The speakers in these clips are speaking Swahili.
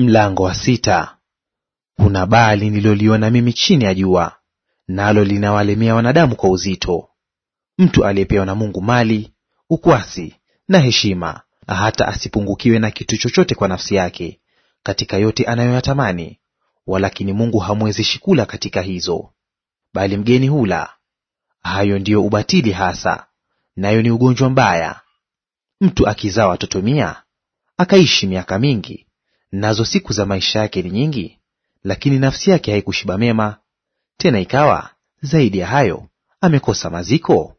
Mlango wa sita. Kuna baa nililoliona mimi chini ya jua, nalo linawalemea wanadamu kwa uzito, mtu aliyepewa na Mungu mali, ukwasi na heshima, hata asipungukiwe na kitu chochote kwa nafsi yake katika yote anayoyatamani, walakini Mungu hamwezeshi kula katika hizo, bali mgeni hula. Hayo ndiyo ubatili hasa, nayo ni ugonjwa mbaya. Mtu akizaa watoto mia akaishi miaka mingi Nazo siku za maisha yake ni nyingi, lakini nafsi yake haikushiba mema. Tena ikawa zaidi ya hayo, amekosa maziko.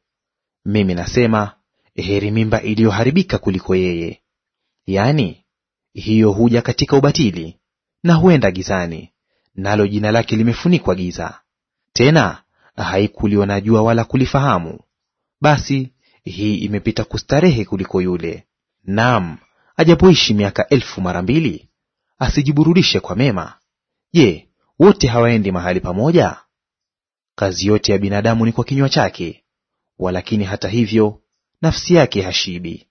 Mimi nasema heri mimba iliyoharibika kuliko yeye. Yaani, hiyo huja katika ubatili na huenda gizani, nalo jina lake limefunikwa giza, tena haikuliona jua wala kulifahamu. Basi hii imepita kustarehe kuliko yule; naam, ajapoishi miaka elfu mara mbili, asijiburudishe kwa mema? Je, wote hawaendi mahali pamoja? Kazi yote ya binadamu ni kwa kinywa chake, walakini hata hivyo nafsi yake hashibi.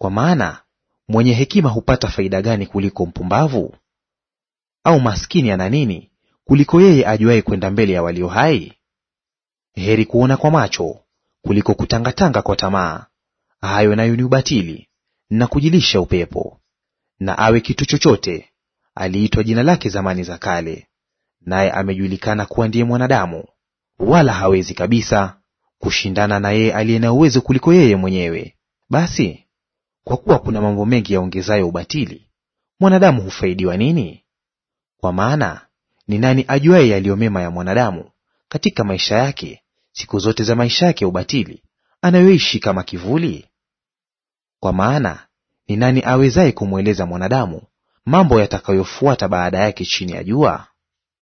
Kwa maana mwenye hekima hupata faida gani kuliko mpumbavu? Au maskini ana nini kuliko yeye ajuaye kwenda mbele ya walio hai? Heri kuona kwa macho kuliko kutangatanga kwa tamaa. Hayo nayo ni ubatili na kujilisha upepo na awe kitu chochote, aliitwa jina lake zamani za kale, naye amejulikana kuwa ndiye mwanadamu, wala hawezi kabisa kushindana na yeye aliye na uwezo kuliko yeye mwenyewe. Basi kwa kuwa kuna mambo mengi yaongezayo ubatili, mwanadamu hufaidiwa nini? Kwa maana ni nani ajuaye yaliyo mema ya mwanadamu katika maisha yake siku zote za maisha yake ya ubatili anayoishi kama kivuli? Kwa maana ni nani awezaye kumweleza mwanadamu mambo yatakayofuata baada yake chini ya jua?